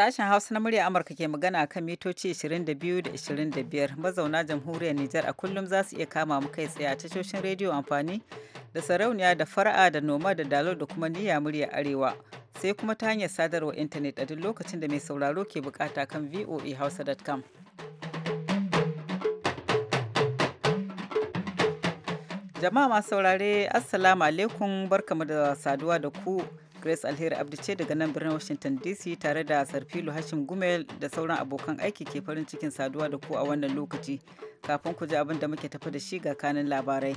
Sashen Hausa na murya Amurka ke magana a kan mitoci 22 da 25 mazauna jamhuriyar Nijar a kullum za su iya kama mu kai tsaye a tashoshin rediyo amfani da sarauniya da fara'a da noma da dalo da kuma niyya murya arewa sai kuma ta hanyar sadarwa intanet a duk lokacin da mai sauraro ke bukata kan voahausa.com. Jama'a masu saurare, Assalamu alaikum barkamu da saduwa da ku Grace Alheri Abdi ce daga nan birnin Washington DC tare da Sarfilo Hashim Gumel da sauran abokan aiki ke farin cikin saduwa da ku a wannan lokaci. Kafin ku ji abin da muke tafi da shi ga kanin labarai.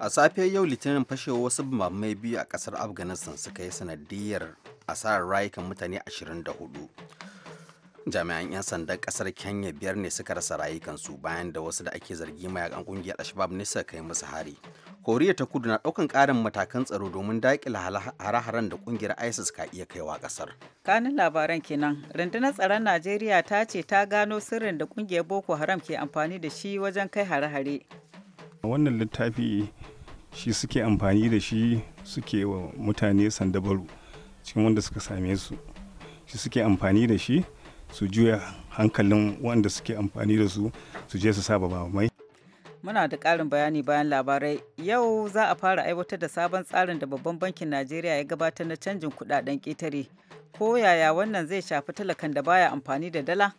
A safe yau Litinin fashewa wasu bambamai biyu a kasar Afghanistan suka yi sanadiyar asarar rayukan mutane 24. jami'an 'yan sandan kasar kenya biyar ne suka rasa rayukansu bayan da wasu da ake zargi mayakan kungiyar ashbab ne suka kai musu hari koriya ta kudu na daukan karin matakan tsaro domin daƙile hare-haren da kungiyar isis ka iya kaiwa kasar kanin labaran kenan rundunar tsaron najeriya ta ce ta gano sirrin da kungiyar boko haram ke amfani da shi wajen kai hare-hare wannan littafi shi suke amfani da shi suke wa mutane sandabaru cikin wanda suka same su shi suke amfani da shi su juya hankalin wanda suke amfani da su su je su saba mai. Muna da ƙarin bayani bayan labarai yau za a fara aiwatar da sabon tsarin da babban bankin Najeriya ya gabatar na canjin kudaden ƙetare. Ko yaya wannan zai shafi talakan da baya amfani da dala?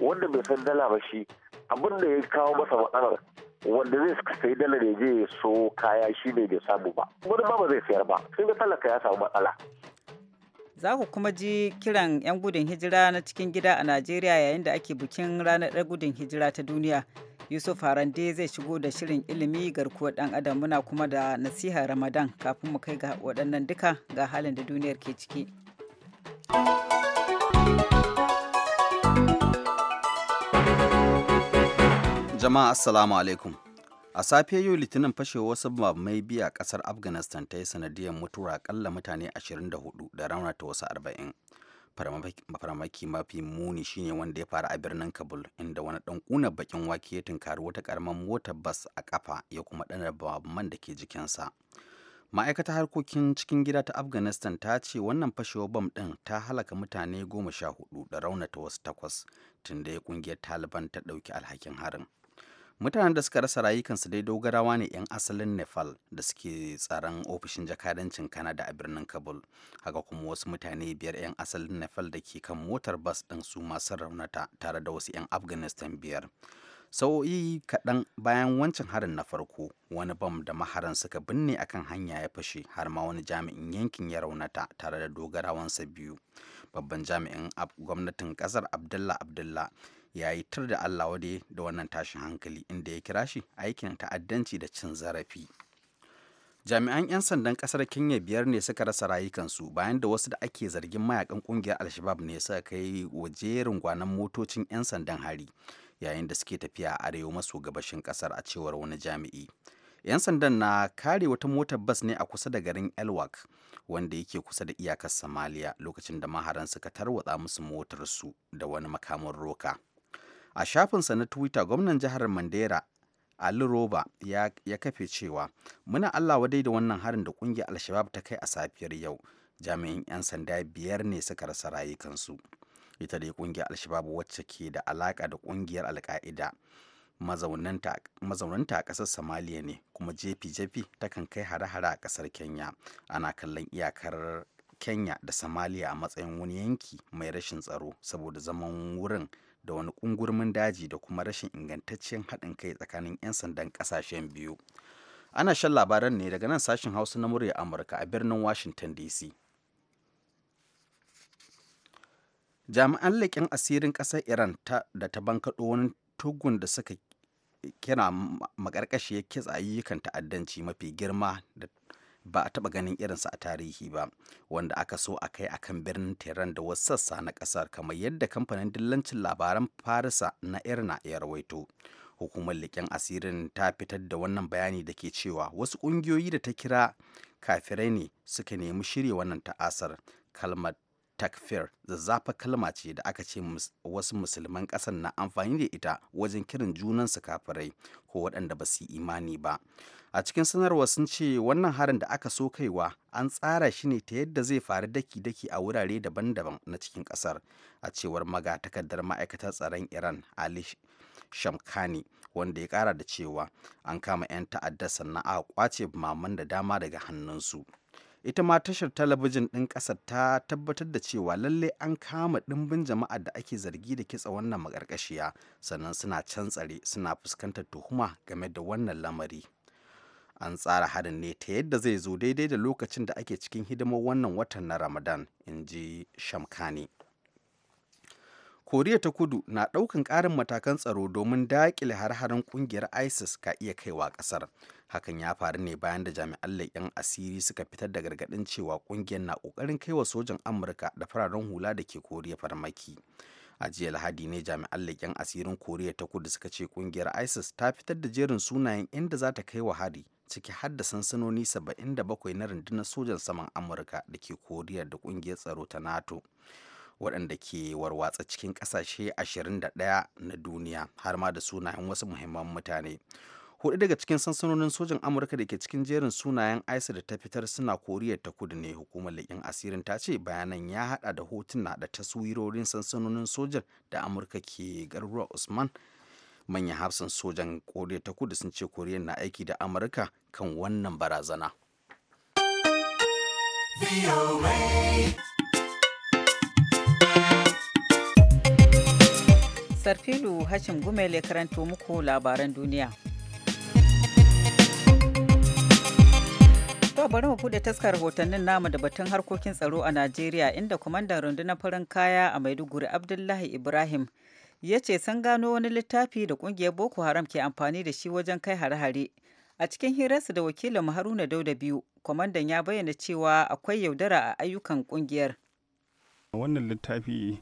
Wanda bai san dala ba shi abin da ya kawo masa matsalar wanda zai sayi dala ne je so kaya shi ne bai samu ba. Wani ba ba zai sayar ba sai da talaka ya samu matsala. Za ku kuma ji kiran 'yan gudun hijira na cikin gida a Najeriya yayin da ake bikin ranar ɗan gudun hijira ta duniya. Yusuf Harande zai shigo da shirin ilimi garkuwar ɗan adam muna kuma da nasiha Ramadan kafin mu kai ga waɗannan duka ga halin da duniyar ke ciki. Jama'a Assalamu alaikum. a safe yau litinin fashewar wasu mai biya kasar afghanistan ta yi sanadiyar mutuwar akalla mutane 24 da raunata wasu 40 faramaki mafi muni shine wanda ya faru a birnin kabul inda wani dan kuna bakin wake ya tunkari wata karamar motar bas a kafa ya kuma dana man da ke jikinsa ma'aikata harkokin cikin gida ta afghanistan ta ce wannan fashewar bam ɗin ta halaka mutane goma sha hudu da raunata wasu takwas tunda ya kungiyar taliban ta ɗauki alhakin harin mutanen da suka rasa rayukansu dai dogarawa ne 'yan asalin nepal da suke tsaron ofishin jakadancin kanada a birnin kabul haka kuma wasu mutane biyar 'yan asalin nepal da ke kan motar bas ɗin su masu raunata tare da wasu 'yan afghanistan biyar sau'i kaɗan bayan wancan harin na farko wani bam da maharan suka binne akan hanya ya fashe har ma wani jami'in yankin ya raunata tare da dogarawansa biyu babban jami'in gwamnatin ƙasar abdullah abdullah ya yi tur da Allah wade da wannan tashin hankali inda ya kira shi aikin ta'addanci da cin zarafi. Jami'an 'yan sandan kasar Kenya biyar ne suka rasa rayukansu bayan da wasu da ake zargin mayakan kungiyar Alshabab ne suka kai wa jerin gwanan motocin 'yan sandan hari yayin da suke tafiya a arewa maso gabashin kasar a cewar wani jami'i. 'Yan sandan na kare wata motar bas ne a kusa da garin Elwak wanda yake kusa da iyakar Somalia lokacin da maharan suka tarwatsa musu motarsu da wani makamin roka. a shafinsa na twitter gwamnan jihar mandera ali roba ya, ya kafe cewa muna allah wadai da wannan harin da kungiyar alshabab ta kai a safiyar yau jami'in 'yan sanda biyar ne suka rasa rayukansu ita dai kungiyar alshabab wacce ke da alaka da kungiyar alka'ida mazaunanta a kasar somalia ne kuma jefi-jefi takan kai hare-hare a kasar kenya ana kallon iyakar kenya da somalia a matsayin wani yanki mai rashin tsaro saboda zaman wurin da wani ƙungurmin daji da kuma rashin ingantaccen haɗin kai tsakanin 'yan sandan ƙasashen biyu ana shan labaran ne daga nan sashen hausa na murya amurka a birnin washington dc jami'an leƙen asirin ƙasar iran da ta bankaɗo wani tugun da suka kira ya kitsa ayyukan ta'addanci mafi girma ba a taɓa ganin irinsa a tarihi ba wanda aka so a kai akan birnin tehran da wasu sassa na ƙasar kamar yadda kamfanin dillancin labaran farisa na irna ya rawaito hukumar leƙen asirin ta fitar da wannan bayani da ke cewa wasu ƙungiyoyi da ta kira kafirai ne suka nemi shirya wannan ta'asar kalmar takfir zazzafa kalma ce da aka ce wasu musulman ƙasar na amfani da ita wajen kiran junansu kafirai ko waɗanda ba su imani ba a cikin sanarwa sun ce wannan harin da aka so kaiwa an tsara shi ne ta yadda zai faru daki-daki a wurare daban-daban na cikin kasar a cewar magatakardar ma'aikatar tsaron iran ali shamkani wanda ya kara da cewa an kama 'yan ta'addar sannan aka kwace maman da dama daga hannunsu ita ma tashar talabijin ɗin ƙasar ta tabbatar da cewa lallai an kama ɗimbin jama'a da ake zargi da kitsa wannan makarkashiya sannan suna can tsare suna fuskantar tuhuma game da wannan lamari an tsara harin ne ta yadda zai zo daidai da lokacin da ake cikin hidimar wannan watan na ramadan in ji shamkani koriya ta kudu na ɗaukan ƙarin matakan tsaro domin daƙile har-haren ƙungiyar isis ka iya kaiwa ƙasar hakan ya faru ne bayan da jami'an leƙen asiri suka fitar da gargaɗin cewa ƙungiyar na ƙoƙarin kaiwa sojan amurka da fararen hula da ke koriya farmaki a jiya lahadi ne jami'an leƙen asirin koriya ta kudu suka ce ƙungiyar isis ta fitar da jerin sunayen inda za ta kai wa hari ciki har da sansanoni 77 na rundunar sojan saman amurka da ke koriya da kungiyar tsaro ta nato waɗanda ke warwatsa cikin ƙasashe 21 na duniya har ma da sunayen wasu muhimman mutane hudu daga cikin sansanonin sojan amurka da ke cikin jerin sunayen isa da ta fitar suna koriya ta kudu ne hukumar likin asirin ta ce bayanan ya hada da hotuna da taswirorin sansanonin sojan da amurka ke garuruwa usman manyan hafsan sojan koriya ta kudu sun ce koriya na aiki da amurka kan wannan barazana sarfilu hashim gumele karanto muku labaran duniya To bari mu bude taskar rahotannin namu da batun harkokin tsaro a Najeriya inda kwamandan rundunar farin kaya a Maiduguri Abdullahi Ibrahim ya ce sun gano wani littafi da kungiyar boko haram ke amfani da shi wajen kai hare-hare a cikin hirarsa da wakilin haruna dauda biyu kwamandan ya bayyana cewa akwai yaudara a ayyukan kungiyar wannan littafi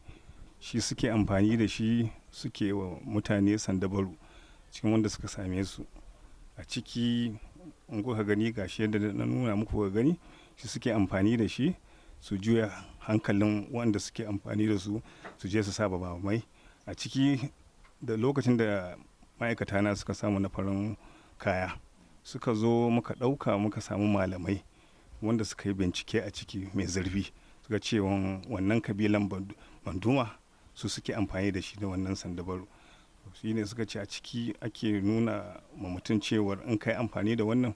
shi suke amfani da shi suke wa mutane sandabaru cikin wanda suka same su a ciki in kuka gani gashi yadda na nuna muku ga gani shi suke amfani da shi su juya hankalin wanda suke amfani da su su je su saba mai a ciki da lokacin da ma'aikata na suka samu na farin kaya suka zo muka ɗauka muka samu malamai wanda suka yi bincike a ciki mai zurfi suka ce wannan kabilan banduma su suke amfani da shi da wannan sandabaru shi ne suka ce a ciki ake nuna ma mutum cewar in kai amfani da wannan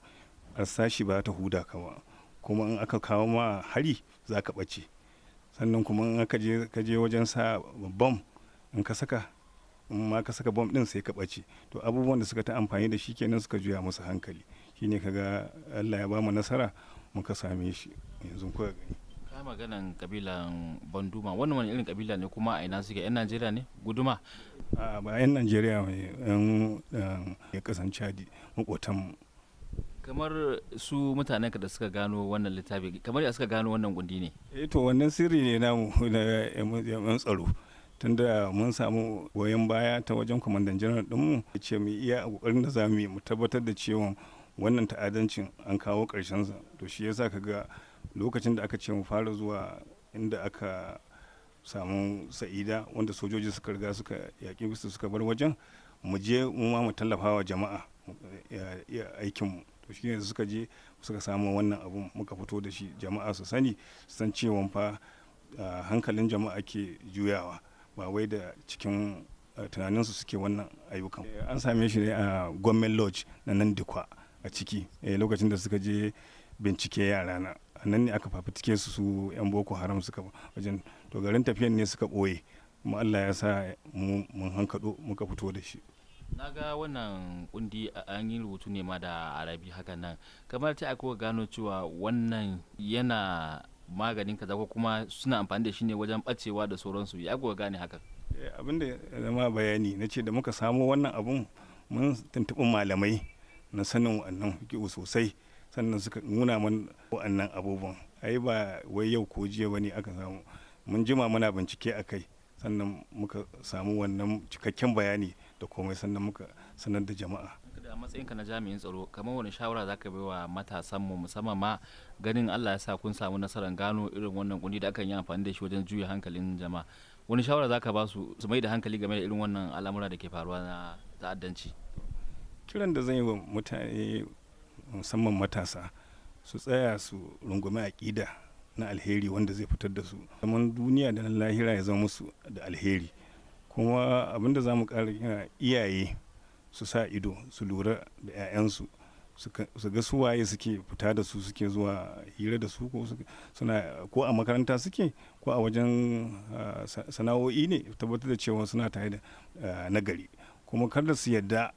arsashi ba ta huda ka ba kuma in aka kawo ma hari za ka ɓace sannan kuma in aka je wajen sa babban. in ka saka in ma ka saka bom din sai ka ɓace to abubuwan da suka ta amfani da shi kenan suka juya musu hankali shine kaga Allah ya ba mu nasara muka same shi yanzu kuka gani ka maganan kabilan banduma wannan wani irin kabila ne kuma a ina suke yan Najeriya ne guduma a ba yan Najeriya mai yan um, ya kasan Chadi makotan kamar su mutanen ka da suka gano wannan littafi kamar ya suka gano wannan gundi ne eh to wannan sirri ne namu na yan tsaro tunda mun samu goyon baya ta wajen kwamandan janar dinmu ya ce mu iya a kokarin da za mu yi mu tabbatar da cewa wannan ta'adancin an kawo karshen sa to shi yasa ka ga lokacin da aka ce mu fara zuwa inda aka samu sa'ida wanda sojoji suka riga suka yaƙi su suka bar wajen mu je mu ma mu tallafa wa jama'a ya aikin mu to shi shine suka je suka samu wannan abun muka fito da shi jama'a su sani san cewa fa hankalin jama'a ke juyawa ba wai da cikin eh, tunaninsu suke wannan ayyukan eh, an same shi ne a gwamnan lodge na nan dikwa a ciki eh, lokacin da suka je bincike yara na nan ne aka fafitike su su yan boko haram suka wajen to garin tafiyan ne suka ɓoye kuma allah ya sa mun hankado muka fito da shi na ga wannan kundi an yi rubutu ne ma da arabi haka nan kamar ta aka gano cewa wannan yana maganin kaza ko kuma suna amfani da shi ne wajen bacewa da sauransu ya ga gane hakan eh, abin da ya zama bayani na ce da muka samo wannan abun mun tuntuɓi malamai na sanin wannan fiƙihu sosai sannan suka nuna man wannan abubuwan ai ba wai yau ko jiya bane aka samu mun jima muna bincike a kai sannan muka samu wannan cikakken bayani da komai sannan muka sanar da jama'a matsayinka na jami'in tsaro kamar wani shawara za ka baiwa matasan mu musamman ma ganin Allah ya sa kun samu nasarar gano irin wannan kundi da akan yi amfani da shi wajen juya hankalin jama'a wani shawara za ka ba su su mai da hankali game da irin wannan al'amura da ke faruwa na ta'addanci kiran da zan yi wa mutane musamman matasa su tsaya su rungumi aƙida na alheri wanda zai fitar da su zaman duniya da lahira ya zama musu da alheri kuma abinda za mu ƙara iyaye su sa ido su lura da 'ya'yansu su ga suwaye suke fita da su suke zuwa hira da su ko a makaranta suke ko a wajen sana'o'i ne tabbatar da cewa suna tare da nagari kuma kada su yadda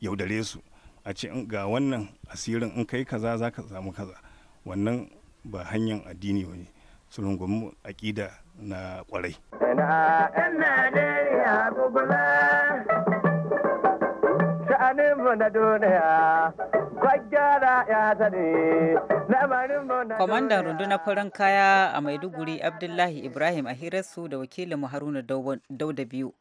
yaudare su a ce ga wannan asirin in kai kaza za ka samu kaza wannan ba hanyar addini ne su rungumi aƙida na kwarai. Kwamandan rundunar farin kaya a Maiduguri Abdullahi Ibrahim a hirarsu da wakilin Haruna Dauda biyu.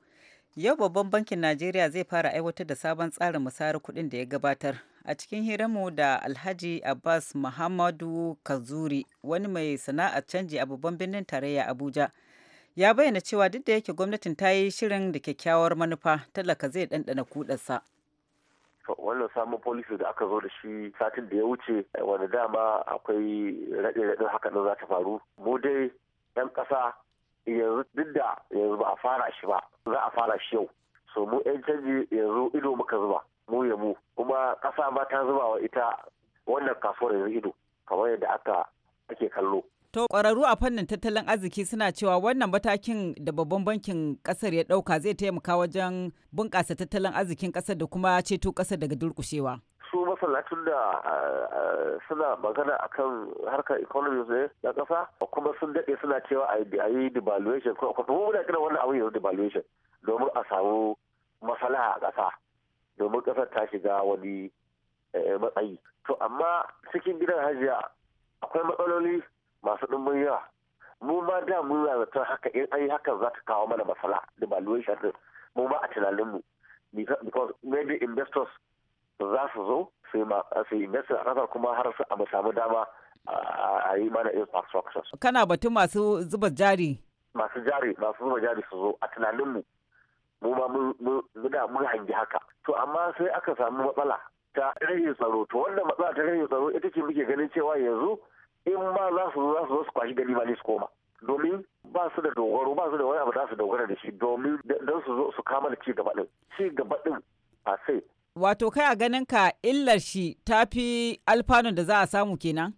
Yau babban bankin Najeriya zai fara aiwatar da sabon tsarin musayar kuɗin da ya gabatar. A cikin hiranmu da Alhaji Abbas Muhammadu Kazuri wani mai sana'ar canji a babban birnin tarayya Abuja. Ya bayyana cewa duk da yake gwamnatin ta yi shirin da kyakkyawar manufa talaka zai ɗanɗana kuɗarsa. wannan samun policy da aka zo da shi satin da ya wuce eh, wani dama akwai raɗe raɗe haka nan za ta faru mu dai 'yan ƙasa yanzu duk da yanzu ba a fara shi ba za a fara shi yau so mu 'yan canji yanzu ido muka zuba mu ya mu kuma ƙasa ma ta zuba wa ita wannan kasuwar yanzu ido kamar yadda aka ake kallo To ƙwararru a fannin tattalin arziki suna cewa wannan matakin da babban bankin ƙasar ya ɗauka zai taimaka wajen bunƙasa tattalin arzikin ƙasar da kuma ceto ƙasar daga durƙushewa. su masallatun da suna magana a kan harkar economy ne na ƙasa kuma sun daɗe suna cewa a yi devaluation ko kuma muna kiran wannan abin yanzu devaluation domin a samu masalaha a ƙasa domin ƙasar ta shiga wani eh, matsayi to amma cikin gidan hajiya akwai matsaloli masu ɗumbin yawa mu ma da yi zaton haka in an yi hakan za ta kawo mana masala da valuation din mu ma a tunaninmu because maybe investors za su zo su yi a kasar kuma har su a samu dama a yi mana infrastructure. Kana batun masu zuba jari? Masu jari, masu zuba jari su zo a tunaninmu mu ma mun hangi haka. To amma sai aka samu matsala ta rage tsaro. To wannan matsala ta rage tsaro ita ce muke ganin cewa yanzu in ba za su za su zo su kwashi gari ba ne su koma domin ba su da dogaro ba su da wani abu za su dogara da shi domin don su zo su kama da ci gaba din ci gaba din a sai wato kai a ganin ka illar shi ta fi alfanun da za a samu kenan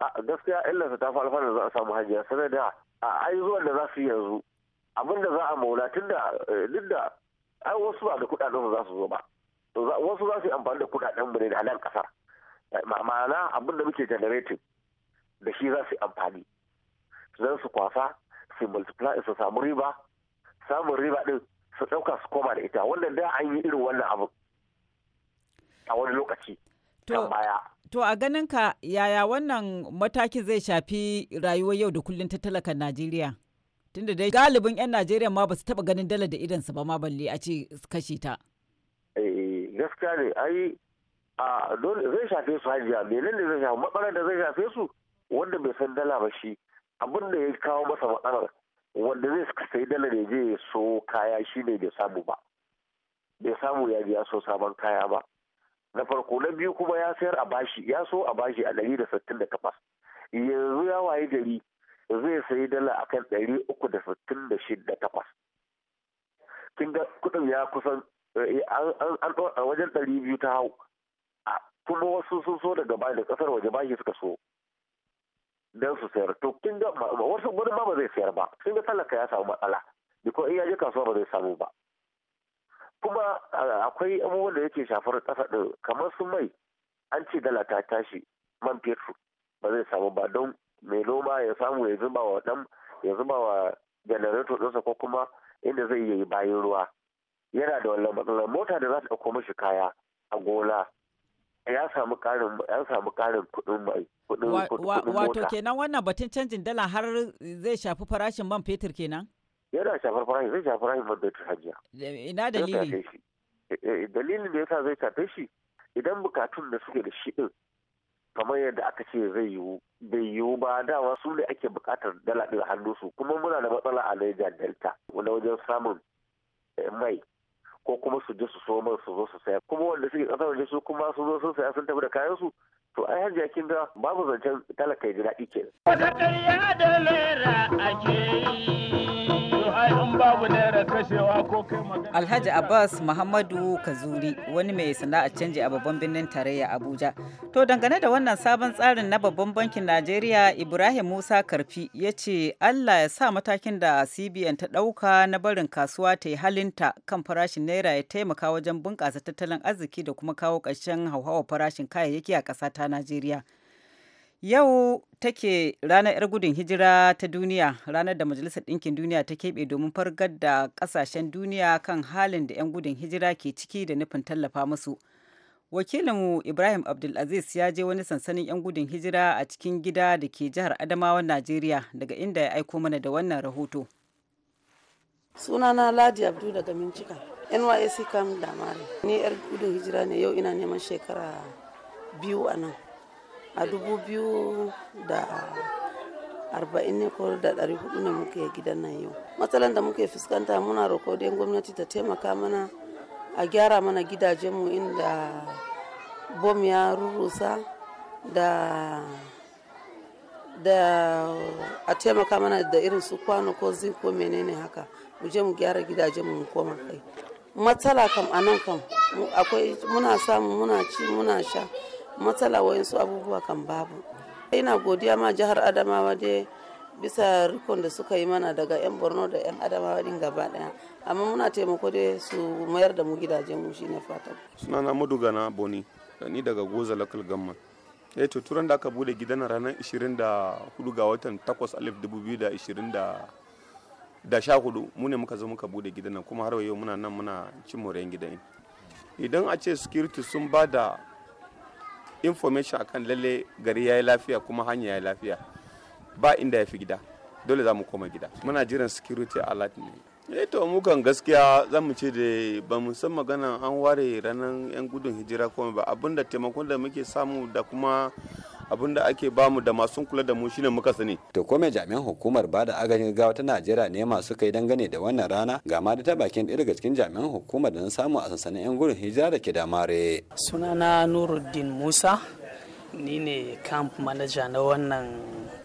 a gaskiya illarsa ta fi alfanun da za a samu hajiya sanada a ai zuwan da za su yi yanzu abin da za a maula tun da eh, duk da ai wasu ba da kudaden za su zo ba wasu za su yi amfani da kudaden mu ne da halan kasa eh, ma'ana abin da muke generating da shi za su amfani zan su kwasa su multiply su samu riba samun riba din su ɗauka su koma da ita wannan da an yi irin wannan abu a wani lokaci to a ganin ka yaya wannan mataki zai shafi rayuwar yau da kullun ta talakan Najeriya tunda dai galibin 'yan Najeriya ma ba su taba ganin dala da su ba ma balle a ce kashe ta eh gaskiya ne ai a dole zai shafe su hajiya menene zai shafe matsalar da zai shafe su wanda bai san dala ba shi abin da ya kawo masa matsalar wanda zai sai dala ne je so kaya shi ne bai samu ba bai samu ya biya so sabon kaya ba na farko na biyu kuma ya sayar a bashi ya so a bashi a ɗari da sittin da takwas yanzu ya waye gari zai sayi dala a kan ɗari uku da sittin da shida takwas kin ga kuɗin ya kusan eh, an wajen ɗari biyu ta hau kuma wasu sun so daga bayan da ƙasar waje bashi suka so don su sayar to kin ga wasu wani ma ba zai sayar ba sun ga talaka ya samu matsala biko in ya ji kasuwa ba zai samu ba kuma akwai abubuwan da yake shafar kasa ɗin kamar su mai an ce dala ta tashi man fetur ba zai samu ba don mai noma ya samu ya zuba wa dan ya zuba wa janareto ɗinsa ko kuma inda zai yi bayan ruwa yana da wannan matsalar mota da za ta ɗauko mashi kaya a gona ya samu karin ya samu karin kuɗin mai kuɗin wato kenan wannan batun canjin dala har zai shafi farashin man fetur kenan yana shafar farashin zai shafi farashin man fetur hajiya ina dalili eh, eh, dalilin da yasa zai shafe shi idan bukatun da suke da shi din kamar yadda aka ce zai yiwu bai yiwu ba dama su ne ake bukatar dala ɗin hannu su kuma muna da matsala a Niger Delta wanda wajen samun eh, mai ko kuma su je su so su zo su saya kuma wanda suke kasar waje su kuma su zo sun saya sun tafi da kayan su to ai har jakin da babu zancen talaka ya ji daɗi ke. Wata ƙarya da lera ake yi. Alhaji Abbas Muhammadu Kazuri wani mai sana'ar canji a babban birnin tarayya Abuja. To dangane da wannan sabon tsarin na babban bankin Najeriya Ibrahim Musa Karfi ya ce Allah ya sa matakin da CBN ta ɗauka na barin kasuwa ta yi halinta kan farashin naira ya taimaka wajen bunƙasa tattalin arziki da kuma kawo ƙarshen hauhawar farashin kayayyaki a ƙasa ta Najeriya. Yau take ranar 'yar gudun hijira ta duniya, ranar da Majalisar Ɗinkin Duniya ta keɓe domin fargar da ƙasashen duniya kan halin da 'yan gudun hijira ke ciki da nufin tallafa musu. Wakilinmu Ibrahim Abdulaziz ya je wani sansanin 'yan gudun hijira a cikin gida da ke jihar Adamawa, Najeriya, daga inda ya aiko mana da wannan rahoto. Sunana Ladi Abdu daga Mincika, NYSC Kam Damari. Ni 'yar gudun hijira ne yau ina neman shekara biyu a nan. a dubu biyu da arba'in ne ko da ɗari hudu ne muke gidan nan yau matsalan da muke fuskanta muna rokodin gwamnati ta taimaka mana a gyara mana gidajenmu inda bom ya rurrusa da da a taimaka mana da irin su kwano ko zin ko menene haka mu je mu gyara gidajenmu mu koma kai matsala kam a nan kam akwai muna samu muna ci muna sha matsala wayansu abubuwa kan babu ina godiya ma jihar adamawa dai bisa rikon da suka yi mana daga 'yan borno da 'yan adamawa din gaba daya amma muna taimako dai su mayar da mu gidajen mu shine fatan. suna na na boni ni daga goza local government eh to turan da aka bude gidan ranar 24 ga watan 8 alif 2020 da sha hudu mu ne muka zo muka bude gidan nan kuma har yau muna nan muna cin moriyan gidan idan a ce security sun ba da information akan lalle gari ya yi lafiya kuma hanya ya yi lafiya ba inda ya fi gida dole za mu koma gida muna jiran security alert ne eh to mu kan gaskiya za mu ce da ba mu san magana an ware ranar yan gudun hijira kuma ba abinda taimakon da muke samu da kuma abin da ake bamu da masu kula da mu shine muka sani to ko jami'an hukumar ba da agajin gawa ta Najeriya ne masu kai dangane da wannan rana ga ma da ta bakin ɗaya daga cikin jami'an hukumar da na samu a sansanin yan gurin hijira da ke damare sunana Nuruddin Musa ni ne camp manager na wannan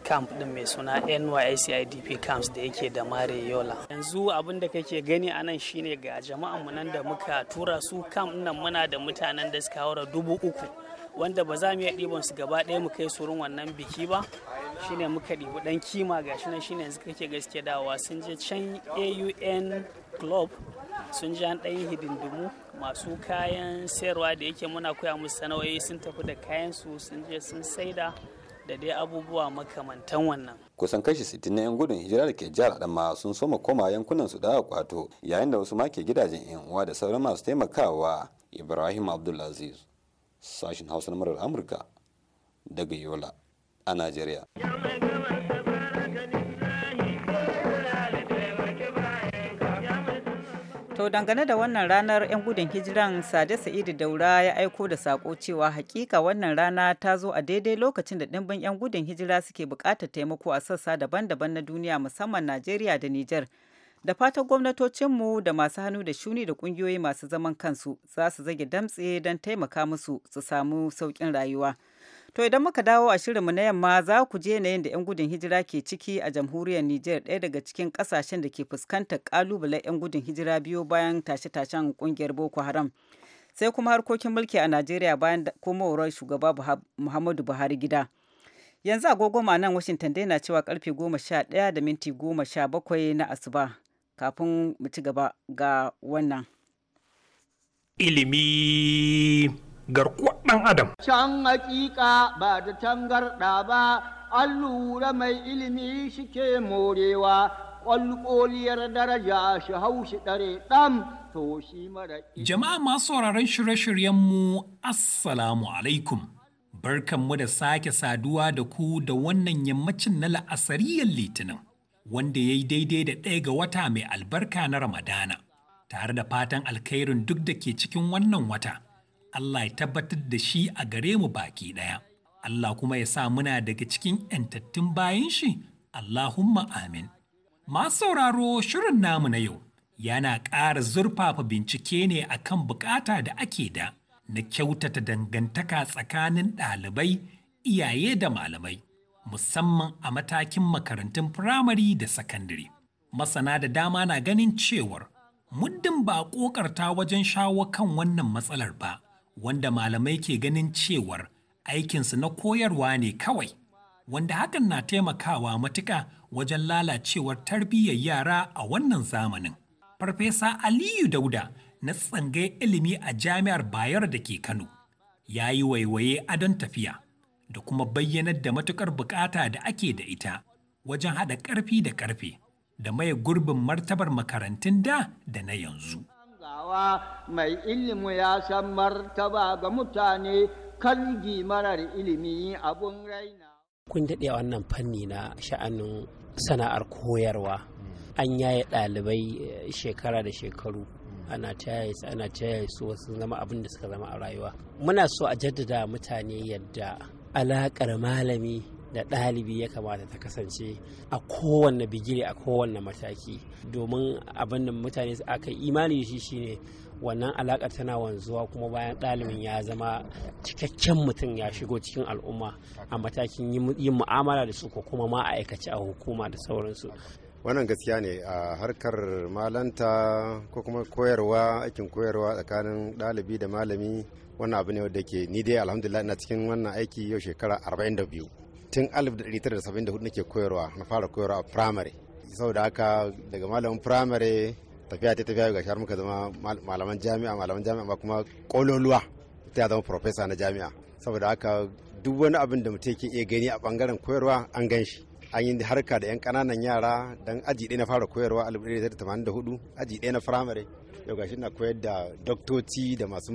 camp din mai suna NYCIDP camps da yake da mare yola yanzu abin da kake gani a nan shine ga jama'an mu nan da muka tura su camp nan muna da mutanen da suka hura dubu uku wanda ba za mu yi ɗiban su gaba ɗaya mu kai surun wannan biki ba shine muka ɗihu ɗan kima gashi shi shine yanzu kake gaske dawa sun je can AUN club sun ji an ɗan hidindimu masu kayan sayarwa da yake muna koya musu sana'o'i sun tafi da kayan su sun je sun saida da dai abubuwa makamantan wannan. Kusan kashi 60 na 'yan gudun hijira da ke jihar Adama sun soma koma yankunan su da kwato yayin da wasu ma ke gidajen 'yan uwa da sauran masu taimakawa Ibrahim Abdulaziz. sashen hausa na murar amurka daga yola a najeriya To dangane da wannan ranar 'yan gudun hijiran Sade Sa'idu Daura ya aiko da sako cewa hakika wannan rana ta zo a daidai lokacin da dimbin 'yan gudun hijira suke bukatar taimako a sassa daban-daban na duniya musamman Najeriya da Nijar da fatan gwamnatocinmu da masu hannu da shuni da kungiyoyi masu zaman kansu za su zage damtse don taimaka musu su samu sauƙin rayuwa to idan muka dawo a shirinmu na yamma za ku je yanayin da 'yan gudun hijira ke ciki a jamhuriyar nijar ɗaya daga cikin ƙasashen da ke fuskantar ƙalubalen 'yan gudun hijira biyu bayan tashe-tashen ƙungiyar boko haram sai kuma harkokin mulki a najeriya bayan komowar shugaba muhammadu buhari gida yanzu agogo ma nan washington dai na cewa karfe ɗaya da minti goma sha bakwai na asuba kafin mu ci gaba ga wannan. Ilimi garkuwar ɗan Adam. Can hakika ba da tangarɗa ba, allura mai ilimi shike morewa, ƙwalƙoliyar daraja shi haushi ɗare ɗan to shi mara Jama'a masu sauraron shirye-shiryenmu, Assalamu alaikum. Barkanmu da sake saduwa da ku da wannan yammacin na la'asariyar Litinin. wanda ya yi daidai da ɗaya ga wata mai albarka na Ramadana, tare da fatan alkhairin duk da ke cikin wannan wata, Allah ya tabbatar da shi a gare mu baki ɗaya. Allah kuma ya sa muna daga cikin ‘yantattun bayan shi, Allahumma amin. Masu sauraro shirin namu na yau yana ƙara zurfafa bincike ne a kan buƙata da ake da na kyautata dangantaka tsakanin ɗalibai, iyaye da malamai. musamman a matakin makarantun firamare da sakandare. Masana da dama na ganin cewar muddin ba a ƙoƙarta wajen shawo kan wannan matsalar ba, wanda malamai ke ganin cewar aikinsu na koyarwa ne kawai, wanda hakan na taimakawa matuka wajen lalacewar tarbiyyar yara a wannan zamanin. Farfesa Aliyu Dauda na tsangayar ilimi a Jami'ar Bayero da ke Kano ya yi waiwaye adon tafiya. da kuma bayyanar da matukar bukata da ake da ita wajen haɗa ƙarfi da ƙarfe da maye gurbin martabar makarantun da da na yanzu. mai ilimi ya san martaba ga mutane kalgi marar ilimi abun raina. Kun daɗe wannan fanni na sha'anin sana'ar koyarwa. Hmm. An yaye ɗalibai eh, shekara da shekaru. Hmm. ana taya ana taya su wasu zama abin da suka zama a rayuwa muna so a jaddada mutane yadda alaƙar malami da ɗalibi ya kamata ta kasance a kowanne bigire a kowanne mataki domin abin da mutane aka imani shi shine wannan alaƙar tana wanzuwa kuma bayan ɗalibin ya zama cikakken mutum ya shigo cikin al'umma a matakin yin mu'amala da su ko kuma ma aikace a hukuma da sauransu wannan gaskiya ne a harkar malanta ko kuma koyarwa aikin koyarwa tsakanin ɗalibi da malami wannan abu ne wanda ke ni dai alhamdulillah ina cikin wannan aiki yau shekara 42 tun 1974 nake koyarwa na fara koyarwa a primary saboda haka daga malamin primary tafiya ta tafiya ga shahar muka zama malaman jami'a malaman jami'a ba kuma kololuwa ta zama professor na jami'a saboda haka duk wani abin da mutum ke iya gani a bangaren koyarwa an gan shi an yi harka da 'yan kananan yara don aji ɗaya na fara koyarwa 1984 aji ɗaya na firamare yau gashi na koyar da doktoci da masu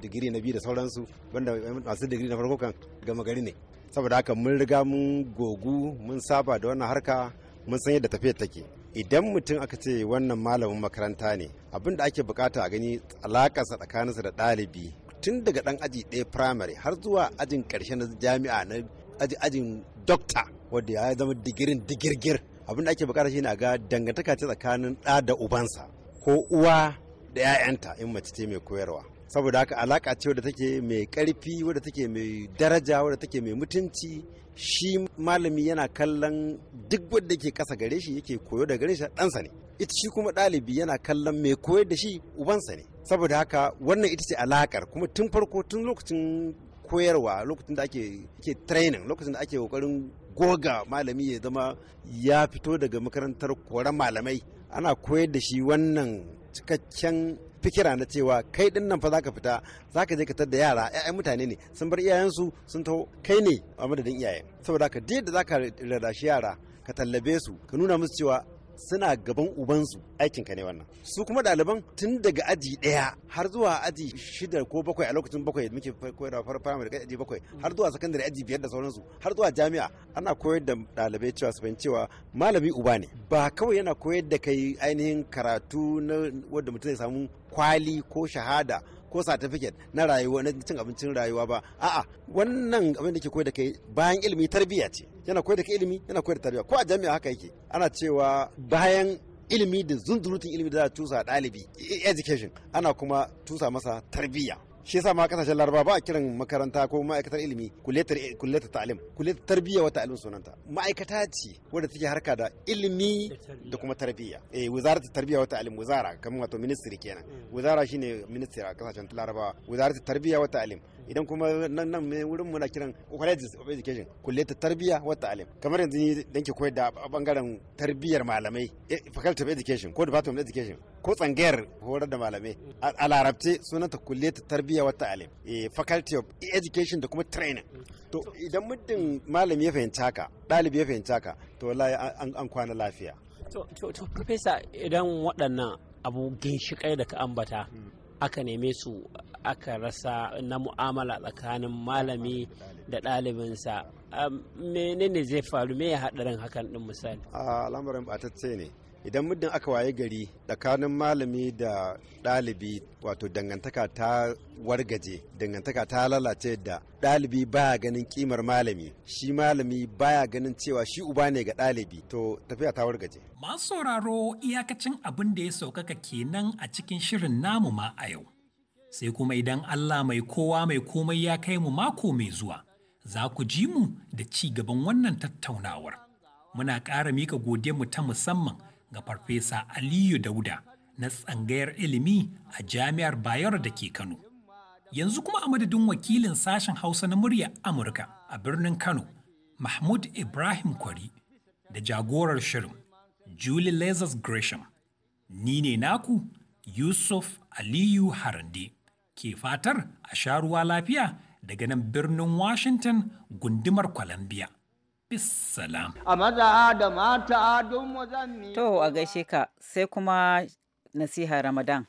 digiri na biyu da sauransu wanda masu digiri na farko kan gama gari ne saboda haka mun riga mun gogu mun saba da wannan harka mun san yadda tafiyar take idan mutum aka ce wannan malamin makaranta ne abin da ake bukata a gani alakarsa tsakaninsa da ɗalibi tun daga ɗan aji ɗaya primary har zuwa ajin ƙarshe na jami'a na aji ajin dokta wanda ya zama digirin digirgir abin da ake bukata shine a ga dangantaka ta tsakanin ɗa da ubansa ko uwa da 'ya'yanta in mace ce mai koyarwa saboda haka alaka ce wadda take mai karfi wadda take mai daraja wadda take mai mutunci shi malami yana kallon duk wadda ke kasa gare shi yake koyo da gare shi ɗansa ne ita shi kuma ɗalibi yana kallon mai koyar da shi ubansa ne saboda haka wannan ita ce alakar kuma tun farko tun lokacin koyarwa lokacin da ake training lokacin da ake kokarin goga malami ya zama ya fito daga makarantar koran malamai ana koyar da shi wannan cikakken fikira na cewa kai din nan fa zaka fita zaka je ka tar da yara ƴaƴan mutane ne sun bar iyayensu sun taho kai ne a madadin iyaye saboda ka da zaka rarrashi yara ka tallabe su ka nuna musu cewa suna gaban ubansu aikin ka ne wannan su kuma ɗaliban tun daga aji ɗaya har zuwa aji shida ko bakwai a lokacin bakwai muke da firamare kai aji bakwai har zuwa sakandare aji biyar da sauransu har zuwa jami'a ana koyar da ɗalibai cewa su fahimci cewa malami uba ne ba kawai yana koyar da kai ainihin karatu na wanda mutum zai samu kwali ko shahada ko certificate na rayuwa na cin abincin rayuwa ba a'a wannan abin da ke koyar da kai bayan ilimi tarbiyya ce yana koyar da kai ilimi yana koyar da tarbiyya ko a jami'a haka yake ana cewa bayan ilimi da zunzurutun ilimi da za a tusa ɗalibi education ana kuma tusa masa tarbiyya shi yasa ma kasashen laraba ba a kiran makaranta ko ma'aikatar ilimi kulletar kulletar ta'alim kulletar tarbiyya wata alim sunanta ma'aikata ce wadda take harka da ilimi da kuma tarbiyya eh wizaratu tarbiyya wata alim wizara kamar wato ministry kenan wizara shine ministry a kasashen laraba wizaratu tarbiyya wata alim idan kuma nan nan wurin muna kiran colleges of education Kuletar tarbiyya wata alim kamar yanzu ni danke koyar da bangaren tarbiyyar malamai eh, faculty of education ko department of education ko tsangayar horar da malamai a larabce kulle ta tarbiyya wata alim eh, faculty of education da kuma training to idan muddin malami ya fahimci haka ɗalibi ya fahimci haka to wallahi an kwana lafiya to to professor idan waɗannan abu ginshiƙai da ka ambata aka neme su aka rasa na mu'amala tsakanin malami da ɗalibinsa um, menene zai faru me ya haɗarin hakan ɗin misali ah, lamarin ɓatacce ne idan muddin aka waye gari tsakanin malami da ɗalibi wato dangantaka ta wargaje dangantaka ta lalace da ɗalibi baya ganin kimar malami shi malami baya ganin cewa shi uba ne ga ɗalibi to tafiya ta wargaje masu sauraro iyakacin abin da ya saukaka kenan a cikin shirin namu ma a yau sai kuma idan Allah mai kowa mai komai ya kai mu mako mai zuwa za ku ji mu da ci gaban wannan tattaunawar muna ƙara mika mu ta musamman ga Farfesa Aliyu Dauda na tsangayar ilimi a Jami'ar Bayero da ke Kano. Yanzu kuma a madadin wakilin sashen Hausa na murya Amurka a birnin Kano, Mahmud Ibrahim Kwari da jagorar shirin Julie Lazarus Gresham. Ni ne naku Yusuf Aliyu Harande ke fatar a sha ruwa lafiya daga nan birnin Washington gundumar Columbia. Bissalam. A maza da mata don To a gaishe ka sai kuma nasiha Ramadan.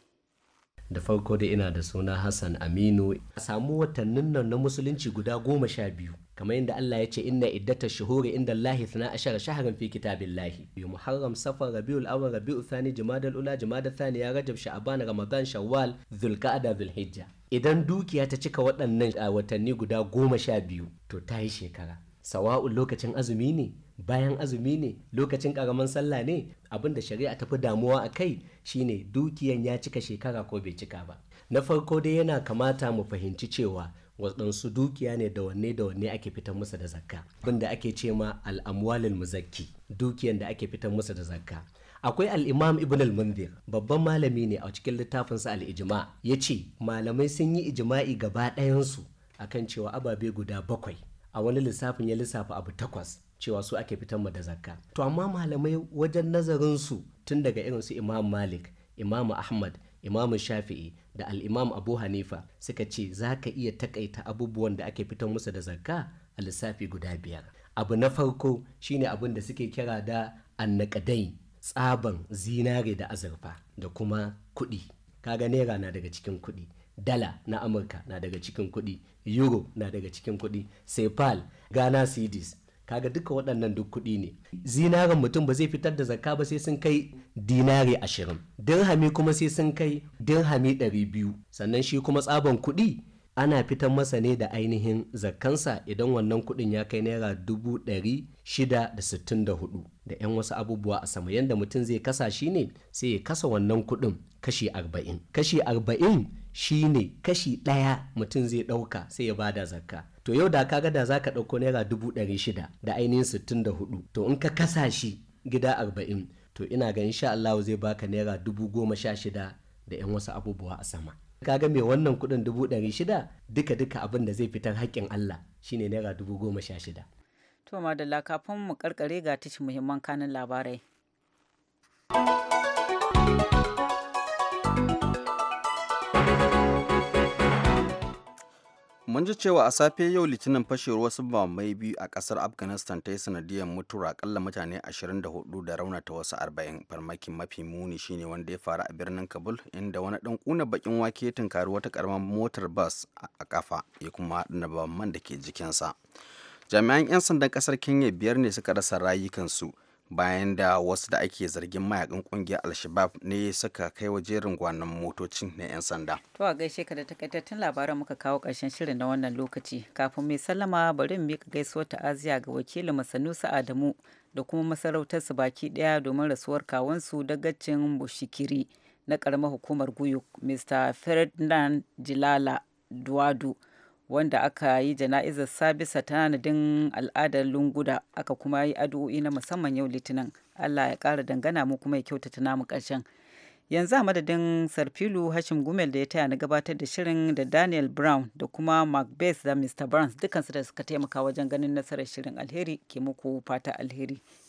Da farko da ina da suna Hassan Aminu. A samu watannin nan na musulunci guda goma sha biyu. kamar yadda Allah ya ce inna iddata shuhuri inda Allahi thana ashara shaharin fi kitabillahi bi muharram safar rabiul awwal rabiu thani jumadal ula jumadal ya rajab sha'ban ramadan shawwal dhulqa'da dhulhijja idan dukiya ta cika waɗannan watanni guda goma sha biyu to ta yi shekara sawa'un lokacin azumi ne bayan azumi ne lokacin karaman sallah ne abinda shari'a tafi damuwa a kai shine dukiyan ya cika shekara ko bai cika ba na farko dai yana kamata mu fahimci cewa waɗansu dukiya ne da wanne da wanne ake fitar musu da zakka abinda ake ce ma al'amwalil muzakki dukiyan da ake fitar musu da zakka akwai al'imam ibn al-munzir babban malami ne a cikin littafinsa al'ijima ya ce malamai sun yi ijima'i gaba ɗayansu akan cewa ababe guda bakwai a wani lissafin ya lissafa abu takwas cewa su ake fitar da zakka to amma malamai wajen nazarin su tun daga irin su imam malik imam ahmad imam shafi'i da al'imam abu hanifa suka ce za ka iya takaita abubuwan da ake fitar musu da zakka a lissafi guda biyar abu na farko shine abin da suke kira da annakadai tsaban zinare da azurfa da kuma kuɗi ga naira na daga cikin kuɗi dala na amurka na daga cikin kuɗi euro na daga cikin kuɗi sepal ghana cedis kaga duka waɗannan duk kuɗi ne zinarin mutum ba zai fitar da zakka ba sai sun kai dinari ashirin dirhami kuma sai sun kai dirhami ɗari biyu sannan shi kuma tsaban kuɗi ana fitar masa ne da ainihin zakkansa idan wannan kuɗin ya kai naira dubu ɗari shida da sittin da hudu da 'yan wasu abubuwa a sama yadda mutum zai kasa shi ne sai ya kasa wannan kuɗin kashi arba'in kashi arba'in shi ne kashi ɗaya mutum zai ɗauka sai ya bada zakka to yau da ka kaga da ka ɗauko naira dubu ɗari shida da ainihin sittin da hudu to in ka kasa shi gida arba'in to ina ga insha Allah zai baka naira dubu goma sha shida da yan wasu abubuwa a sama ka ga mai wannan kuɗin dubu ɗari shida duka duka abin da zai fitar haƙƙin Allah shine naira dubu goma sha shida. To madalla kafin mu karkare ga tashin muhimman kanin labarai. mun ji cewa a safe yau litinin fashewar wasu bamai biyu a kasar afghanistan ta yi sanadiyar mutuwar akalla mutane 24 da ta wasu 40 farmakin mafi muni shine wanda ya faru a birnin kabul inda wani ɗan kuna bakin wake ya tunkari wata karamar motar bas a kafa ya kuma na bamman da ke jikinsa jami'an 'yan sandan kasar kenya biyar ne suka rasa rayukansu bayan da wasu da ake zargin mayakan kungiyar alshabab ne suka kai wa jerin gwanon motocin na 'yan sanda. To a gaishe ka da takaitattun labaran muka kawo ƙarshen shirin na wannan lokaci. Kafin mai sallama bari mu mika gaisuwar ta'aziya ga wakilin Masanusa Adamu da kuma masarautarsu baki ɗaya domin rasuwar kawansu dagacin Bushikiri na ƙaramar hukumar Guyuk Mr. Ferdinand Jilala Duwadu. wanda aka yi jana'izar sabisa ta tanadin al'adar lunguda aka kuma yi addu'o'i na musamman yau litinin allah ya kara dangana mu kuma ya kyautata namu ƙarshen yanzu a madadin sarfilu hashim gumel da ya taya na gabatar da shirin da daniel brown da kuma macbeth da mr barnes dukansu da suka taimaka wajen ganin nasarar shirin alheri ke muku fata alheri